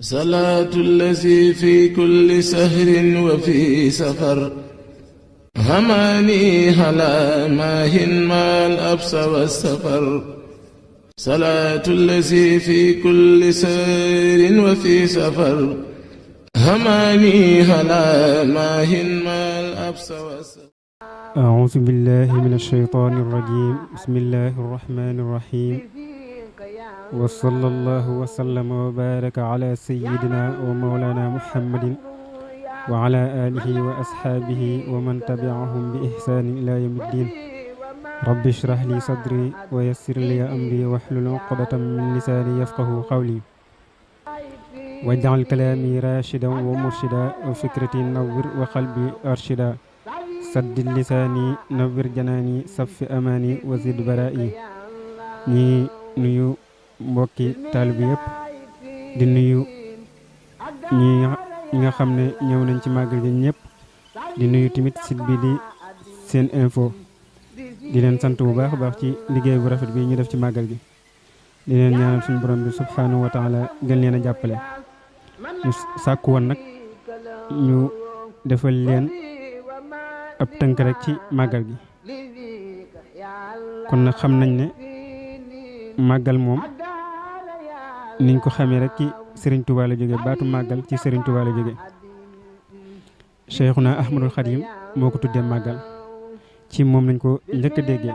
salaatu allazi fi kulli sahrin wa fi safar hamaani halaa maahin maal absa wa safar salaatu allazi fi kulli sahrin wa fi safar hamaani halaa maahin maal absa wa safar أعوذ بالله من الشيطان الرجيم بسم الله الرحمن الرحيم wa sallallahu wa sallama wa baraka ala sayyidina wa mawlana muhammadin wa ala alihi wa ashaabihi wa man tabi'ahum bi ihsaanin ila yawmi ddin rabbi ishrah li sadri wa yassir li amri wahlul uqdatan min lisaani yafqahu qawli waj'al kalaami raashidan wa murshidan wa fikrati nawwir wa qalbi arshida saddid lisaani nawwir janaani saffi amaani wa zid baraa'i ñi nuyu mbokki taalibe yëpp di nuyu ñi nga xam ne ñëw nañ ci màggal gi ñépp di nuyu tamit site bi di seen info di leen sant bu baax baax ci liggéey bu rafet bi ñu def ci màggal gi di leen ñaanal suñu borom bi subhanahu wa taala gën leen a jàppale ñu sàkku woon nag ñu defal leen ab tënk rek ci màggal gi kon nag xam nañ ne màggal moom niñ ko xamee rek ci sëriñ Touba jóge baatu màggal ci sëriñ Touba la jóge Cheikhuna Ahmadul Xadim moo ko tuddee màggal ci moom lañ ko njëkk a déggee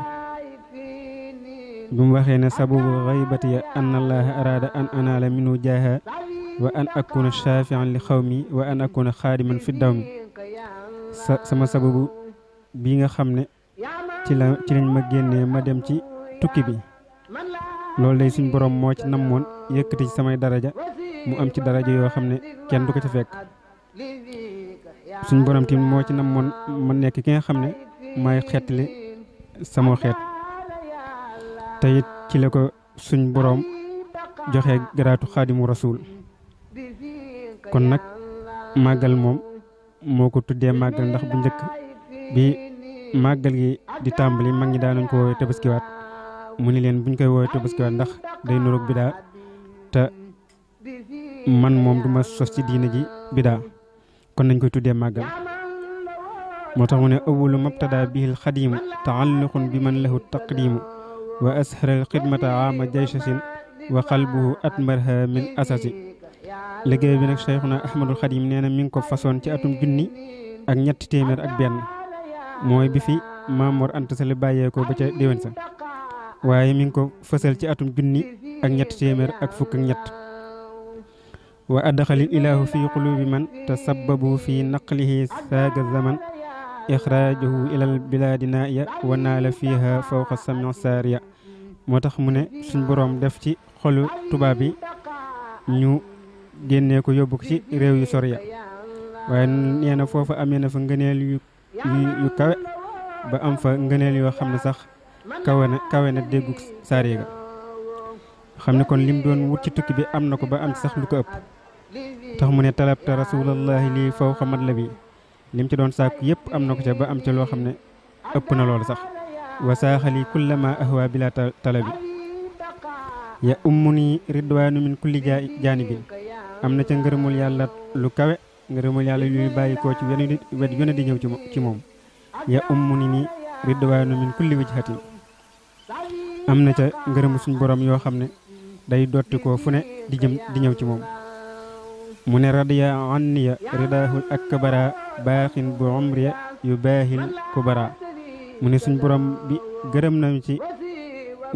mu waxee ne sababu xaybatiya an allaha araada an anaala minu jaaha wa an akuna shafian li xaw mi wa an akuna xaadiman fi daw mi sa sama sababu bi nga xam ne ci la ci lañ ma génnee ma dem ci tukki bi loolu de suñ borom moo ci namoon yëkkati ci samay daraja mu am ci daraja yoo xam ne kenn du ko ci fekk suñ borom tim moo ci nam moon ma nekk ki nga xam ne xeet li sama xeet te it ci la ko suñ borom joxe garaatu xaadimu rasuul kon nag màggal moom moo ko tuddee màggal ndax bu njëkk bi màggal gi di tàmbali mag ñi daanañ ko woowee tabaskiwaat mu ni leen buñ koy woowee tabaskiwaat ndax day nuroog bi daa te man moom duma sos ci diina kon nañ koy tuddee màggal moo tax mu ne awalu mabtada bihil xadiimu taalluqun bi man lahu taqdiimu wa asharal xidmata aama jaysasin wa qalbuhu atmarha min asasi liggéey bi nag cheikhuna ahmadul xadim nee na mi ngi ko façon ci atum junni ak ñetti téeméer ak benn mooy bi fi Maam Mor Anta Sali bàyyeekoo ba ca déwén sa waaye mi ko fësal ci atum junni ak ñett téeméer ak fukk ak ñett wa adxalil ilaahu fi quluubi man tasabbabu fi naqlihi saaga zaman ixraajahu ilal bilaadi naaya wa naala fiiha fawqa samia saariya moo tax mu ne suñ boroom def ci xolu tubaab yi ñu génnee ko yóbbu ci réew yu sor ya waaye nee na foofu amee na fa ngëneel yu kawe ba am fa ngëneel yoo xam ne sax kawe na kawe na déggu saariga xam ne kon lim doon wut ci tukki bi am na ko ba am sax lu ko ëpp tax mu ne ta rasulallahi lii faw xamat la bi lim ci doon sàkku yëpp am na ko ca ba am ca loo xam ne ëpp na lool sax wa saaxali kullama ahwa bila talabi ya ummuni ridwaanu min kulli jaanibi am na ca ngërëmul yàlla lu kawe ngërëmul yàlla yuy bàyyi koo ci wet yu ne di ñëw ci moom ya ummuni ni ridwaanu min kulli wijhatin am na ca ngërëmu suñ borom yoo xam ne day dotti ko fu ne di jëm di ñëw ci moom mu ne radiya anniya ridaahul akbara baaxin bu umriya yu baaxil kubara mu ne suñ borom bi gërëm nañu ci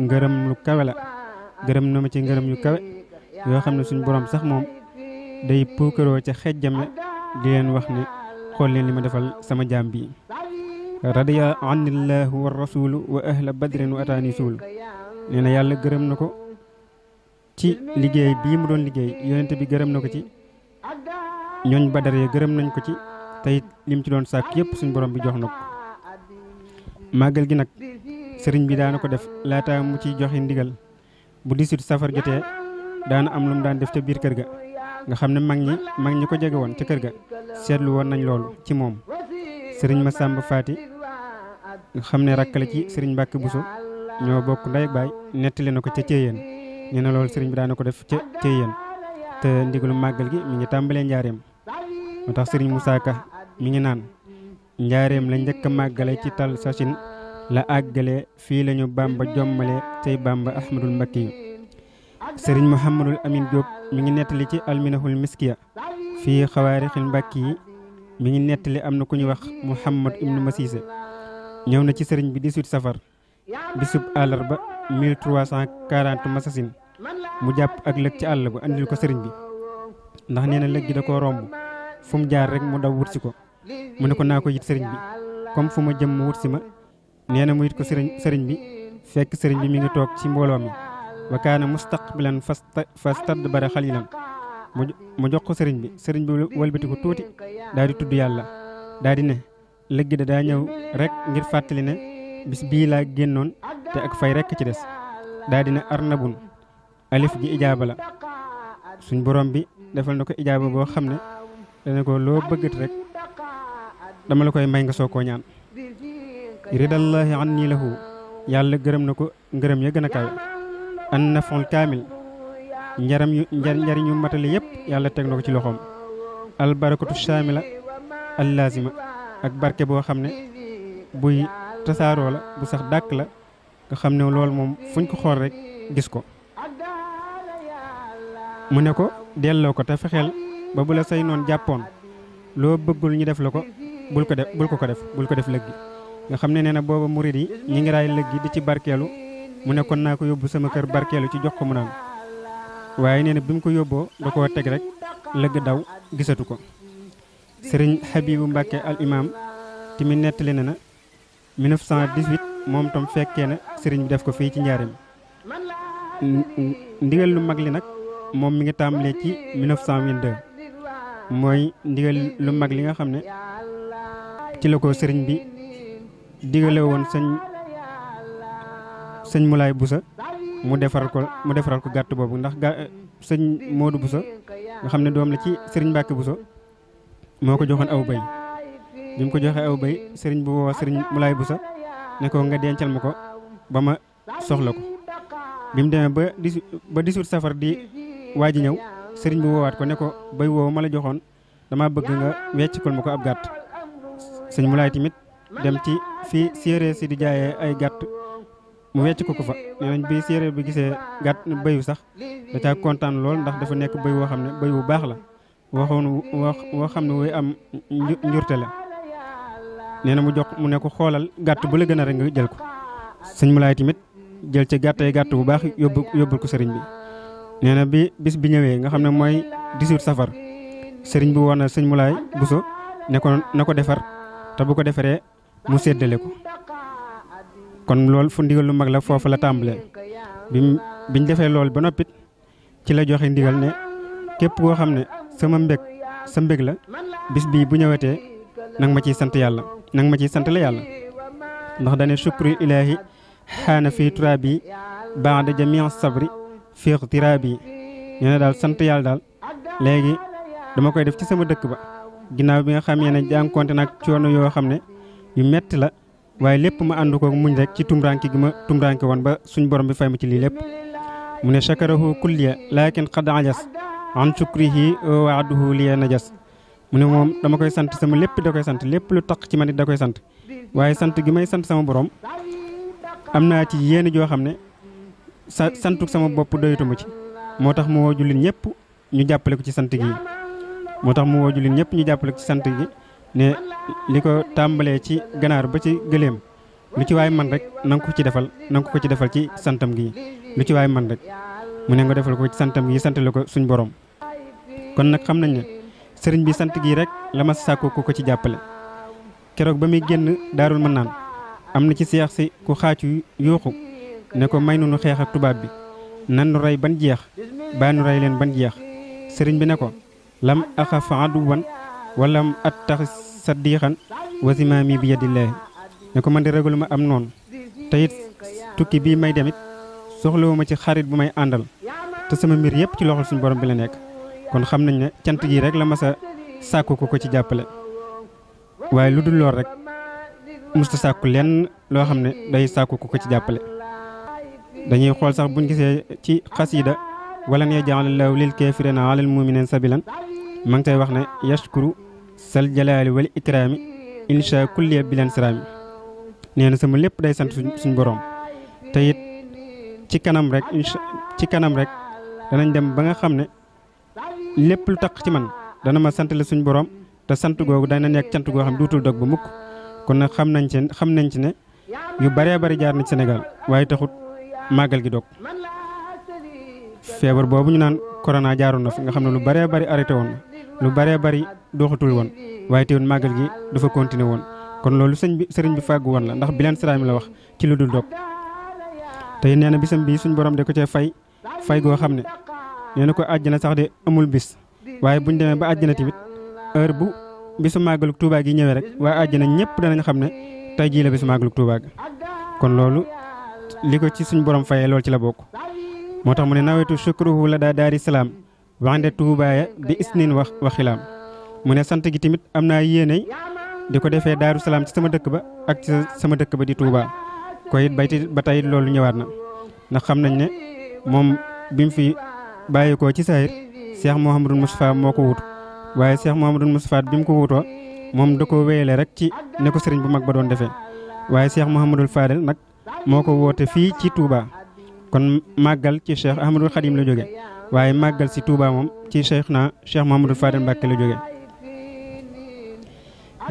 ngërëm lu kawe la gërëm na ma ci ngërëm yu kawe yoo xam ne suñ borom sax moom day puukaroo ca xejjame di leen wax ne xool leen li ma defal sama jaam bi radiya anillahu wa rasulu wa ahla badrin wa ataani suul nee na yàlla gërëm na ko ci liggéey bii mu doon liggéey yonent bi gërëm na ko ci ñooñ badar ya gërëm nañ ko ci teyit lim ci doon sàkk yëpp suñ borom bi jox na ko màggal gi nag sëriñ bi daana ko def laata mu ci joxe ndigal bu 18 safar jotee daana am lu mu daan def ca biir kër ga nga xam ne mag ñi mag ñi ko jege woon ca kër ga seetlu woon nañ loolu ci moom sëriñ ma Massamba Faati nga xam ne rakkale ci sëriñ Mbàkke Buso ñoo bokk ndey baay nettali na ko ca Céyeen ñu ne sëriñ bi daana ko def ca Thiéyène te ndigalu màggal gi mi ngi tàmbalee njaareem moo tax sëriñ mu Ka mi ngi naan njaareem la njëkk a màggale ci tal sachin la àggale fii lañu bàmba jommale tey bàmba ahmadul mbakki yu sëriñ mouhamadul amin Diop mi ngi nettali ci alminahul miskiya fii xawaarixil mbàkki yi mi ngi nettali am na ku ñu wax mouhamad ibnu masise ñëw na ci sëriñ bi di 18 safar bisub àllarba 1340 masasin mu jàpp ak lëg ci àll ba andil ko sëriñ bi ndax nee na lëg gi da koo fu mu jaar rek mu daw wut si ko mu ne ko naa ko yit sëriñ bi comme fu ma jëm mu wut si ma nee na mu yit ko sëriñ sëriñ bi fekk sëriñ bi mi ngi toog ci mbooloo mi wa kaana mustaqbilan fastadbara xalilan mu jox ko sëriñ bi sëriñ bi walbati ko tuuti daal di tudd yàlla daal di ne lëg gi daa ñëw rek ngir fàttali ne bis bii laa génnoon te ak fay rekk ci des daal di ne arnabun alif gi ijaaba la suñ borom bi defal na ko ijaaba boo xam ne dana ko loo bëggat rek dama la koy may nga soo koo ñaan ridallahi an nii lahu yàlla gërëm na ko ngërëm ya gën a kawe an naful kaamil njaram yu njariñ yu matale yëpp yàlla teg na ko ci loxoom albarakatu saamila allaazima ak barke boo xam ne buy tasaaroo la bu sax dàkk la nga xam ne loolu moom fuñ ko xool rek gis ko mu ne ko delloo ko te fexeel ba bu la say noon jàppoon loo bëggul ñu def la ko bul ko def bul ko ko def bul ko def lëggi nga xam ne nee na booba murid yi ñi ngi raay di ci barkeelu mu ne kon naa ko yóbbu sama kër barkeelu ci jox ko mu naan waaye nee na bi mu ko yóbboo da koo teg rek lëgg daw gisatu ko sëriñ Habibu Mbàkke al ti imam tamit nettali na na 1918 moom tam fekkee na sëriñ bi def ko fii ci njaarim ndigal lu mag li nag moom mi ngi tàmbalee ci 1922 mooy ndigal lu mag li nga xam ne ci la ko sëriñ bi digale woon sëñ sëñ Moulay Boussa mu defaral ko mu defaral ko gàtt boobu ndax ga sëñ Modou Boussa nga xam ne doom la ci sëriñ Mbacke Boussa moo ko joxoon aw bay bi mu ko joxee aw bay sëriñ bu woo sëriñ Moulay bu ne ko nga dencal ma ko ba ma soxla ko bi mu demee ba 18 safar di waa ji ñëw sëriñ bi woowaat ko ne ko bay woowu ma la joxoon dama bëgg nga weccikul mu ko ab gàtt sëñ mu laay tamit dem ci fii séeréer si di jaayee ay gàtt mu wecc ko ko fa nee nañ bi séeréer bi gisee gàtt bayu sax da caa kontaan lool ndax dafa nekk bay woo xam ne bay wu baax la waxoon wax woo xam ne wuy am njurte la nee na mu jox mu ne ko xoolal gàtt bu la gën a rek nga jël ko sëñ mu laay tamit jël ci gàtt ay gàtt bu baax yóbbu yóbbul ko sëriñ bi nee na bi bis bi ñëwee nga xam ne mooy 18 safar sëriñ bi woon na sëñ Moulay Bousso ne ko na ko defar te bu ko defaree mu séddale ko kon loolu fu ndigal lu mag la foofu la tàmbalee bi biñ defee lool ba noppit ci la joxe ndigal ne képp koo xam ne sama mbég sa mbég la bis bii bu ñëwatee nang ma ciy sant yàlla nang ma ciy sant la yàlla ndax dane shukru ilaahi xaana fii turaabi ba'da jamii sabri féexu tiraab yi nee na daal sant yàlla daal léegi dama koy def ci sama dëkk ba ginnaaw bi nga xam ne jànkonte nag coono yoo xam ne yu metti la waaye lépp ma ànd ko muñ rekk ci tumranki gi ma tumranki woon ba suñ borom bi fay ma ci lii lépp mu ne chakarahu kulliya kenn xad jas an shukrihi wa aduhu liya jas mu ne moom dama koy sant sama lépp doo koy sant lépp lu tax ci ma it da koy sant waaye sant gi may sant sama borom am naa ci yéen joo xam ne sa santuk sama bopp doyatuma ci moo tax mu woo jullit ñëpp ñu jàppale ko ci sant gi moo tax mu woo jullit ñëpp ñu jàppale ci sant gi ne li ko tàmbalee ci ganaar ba ci gëléem lu ci waay man rek na ko ci defal nanku ko ci defal ci santam gi lu ci waay man rek mu ne nga defal ko ci santam gi santale ko suñ borom kon nag xam nañ ne sëriñ bi sant gii rek la ma ko ko ci jàppale keroog ba muy génn daarul mën naan am na ci seex si ku xaacu ne ko may nu nu xeex ak tubaab bi nan nu rey ban jeex baa nu rey leen ban jeex sëriñ bi ne ko lam axaf aduwan walam attaxis saddiixan wasimaami bi yadillaahi ne ko man di ragalu ma am noonu te it tukki bii may demit soxlawuma ci xarit bu may àndal te sama mbir yëpp ci loxol suñu borom bi la nekk kon xam nañ ne cant gi rek la ma masa sàkku ko ko ci jàppale waaye lu du lool rek musta sàkku lenn loo xam ne day sàkku ko ko ci jàppale dañuy xool sax buñ gisee ci xasida walan yaj'ala llaahu lil kaafiriina alal mu'miniina sabiilan ma ngi tey wax ne yashkuru sal jalaali wal ikraami insha kulliya bilan siraami nee na sama lépp day sant suñ borom te it ci kanam rek incha ci kanam rek danañ dem ba nga xam ne lépp lu takk ci man dana ma sant la suñ borom te sant googu na nekk cant goo xam duutul dog ba mukk kon nag xam nañ ci xam nañ ci ne yu bëree bari jaar na ci Sénégal waaye taxut màggal gi dog feebar boobu ñu naan corona jaaroon na fi nga xam ne lu bëree bëri arrêté woon lu bëree bëri doxatul woon waaye teewul màggal gi dafa continué woon kon loolu sëñ bi sëriñ bi fàggu woon la ndax bileen siraami la wax ci lu dul dog te nee na bisam bii suñ borom de ko cee fay fay goo xam ne nee na ko àjjana sax de amul bis waaye buñ demee ba àjjana tamit heure bu bisu màggalu Tuubaa yi ñëwee rek waaye àjjana ñëpp danañ xam ne tey jii bi bisu màggalu Tuubaa loolu li ko ci suñ borom fayee lool ci la bokk moo tax mu ne nawetu shukruhu la daa daari salaam waxande tuubaaya bi isnin wax waxilaam mu ne sant gi tamit am naa yéene di ko defee daaru salaam ci sama dëkk ba ak ci sama dëkk ba di tuubaa ko bay ba tey loolu ñëwaat na ndax xam nañ ne moom bi mu fi bàyyi ko ci saayir Cheikh Mouhamadou Moustapha moo ko wut waaye seex Cheikh Mouhamadou Moustapha bi mu ko wutoo moom da ko wéyale rek ci ne ko sëriñ bu mag ba doon defee waaye Cheikh Mouhamadou Fadel nag moo ko woote fii ci tuubaa kon màggal ci Cheikh Ahmadul Xadim la jóge waaye màggal si Touba moom ci Cheikh na Cheikh Mahamadul Fadel Mbàkke la jóge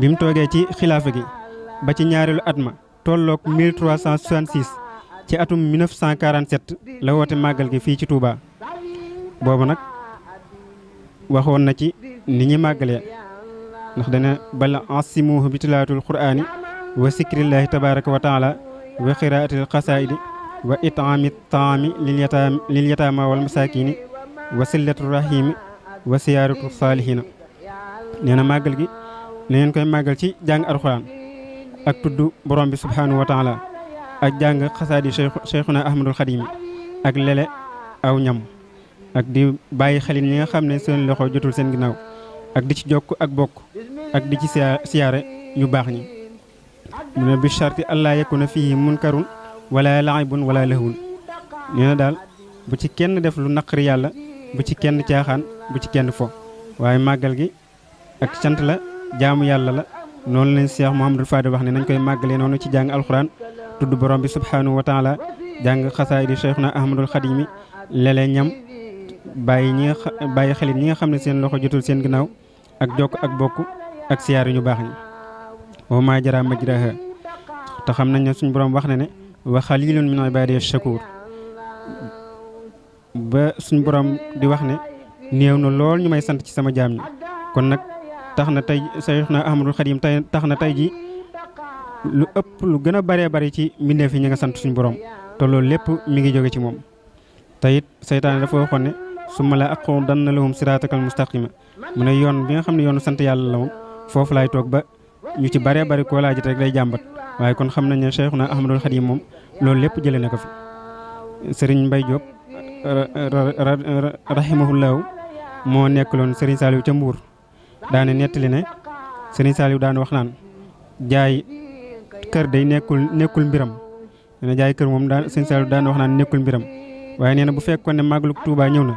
bi mu toogee ci xilaafa gi ba ci ñaareelu at ma tolloog 1366 ci atum 1947 la woote màggal gi fii ci Touba boobu nag waxoon na ci ni ñi màggalee ndax dana bala ansimuhu bi tilaatul quraani wa sikrillaahi tabaaraka wa taala wa qiraatil xasaayidi wa itaami taami lil yataama wal masaakiini wa sillatu rahimi wa siyaaratu saalihiina nee na màggal gi na ngeen koy màggal ci jàng alxuraan ak tudd borom bi subhaanahu wa taala ak jàng xasaayidi Cheikhuna Ahmadul Xadiimi ak lele aw ñam ak di bàyyi xelin ñi nga xam ne seen loxo jotul seen ginnaaw ak di ci jokk ak bokk ak di ci siyaare ñu baax ñi mu ne bi charti allah yakuna fihi munkarun wala laibun wala lahun nee na daal bu ci kenn def lu naqari yàlla bu ci kenn caaxaan bu ci kenn fo waaye màggal gi ak cant la jaamu yàlla la noonu lañ Cheikh Mouhamadou Fadi wax ne nañ koy màggalee noonu ci jàng alxuraan tudd borom bi subhanahu wa taala jàng xasaay di Cheikhna na Xadimi lelee ñam bàyyi ñi nga bàyyi xelit ñi nga xam ne seen loxo jotul seen ginnaaw ak jokk ak bokk ak siyaar ñu baax wa maa jaraa majraha te xam nañ ne suñu borom wax na ne wa xalilun min ibadiya shakur ba suñu borom di wax ne néew na lool ñu may sant ci sama jaam ñi kon nag tax na tey Seyxuna Ahmadul Xadim tey tax na tey ji lu ëpp lu gën a bëree bëri ci mbindeef yi ñi nga sant suñu borom te loolu lépp mi ngi jóge ci moom te it seytaane dafa waxoon ne su ma la aqudanna lahum siraatakal mustaqima mu ne yoon bi nga xam ne yoonu sant yàlla la foofu laay toog ba ñu ci baree bari koo laajit rek day jàmbat waaye kon xam nañ ne Cheikhuna Ahmadul Khadim moom loolu lépp jëlee na ko fi Serigne Mbaye Diop rahimahullahu moo nekkaloon Serigne Saliou ca Mbuur daane nettali ne Serigne Saliou daan wax naan jaay kër day nekkul nekkul mbiram dana jaay kër moom daan Serigne Saliou daan wax naan nekkul mbiram waaye nee na bu fekkoon ne màggalu Tuubaa ñëw na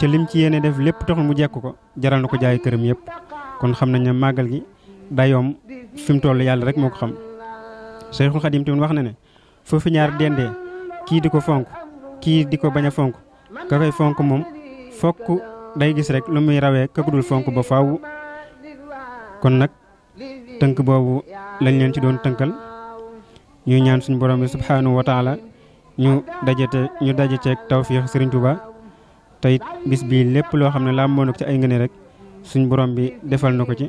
ca lim ci yéene def lépp taxul mu jekk ko jaral na ko jaay këram yëpp kon xam nañ màggal gi dayoom fi mu toll yàlla rek moo ko xam Seexul Xadim tamit wax na ne foofu ñaar dendee kii di ko fonk kii di ko bañ a fonk ka koy fonk moom fokk day gis rek lu muy rawee ka fonk ba faaw kon nag tënk boobu lañ leen ci doon tënkal ñuy ñaan suñu borom bi subhaanahu wa taala ñu dajete ñu dajeceeg tawfiix Sëriñ Tuuba ba it bis bii lépp loo xam ne làmboon na ko ci ay ngëne rek suñu borom bi defal na ko ci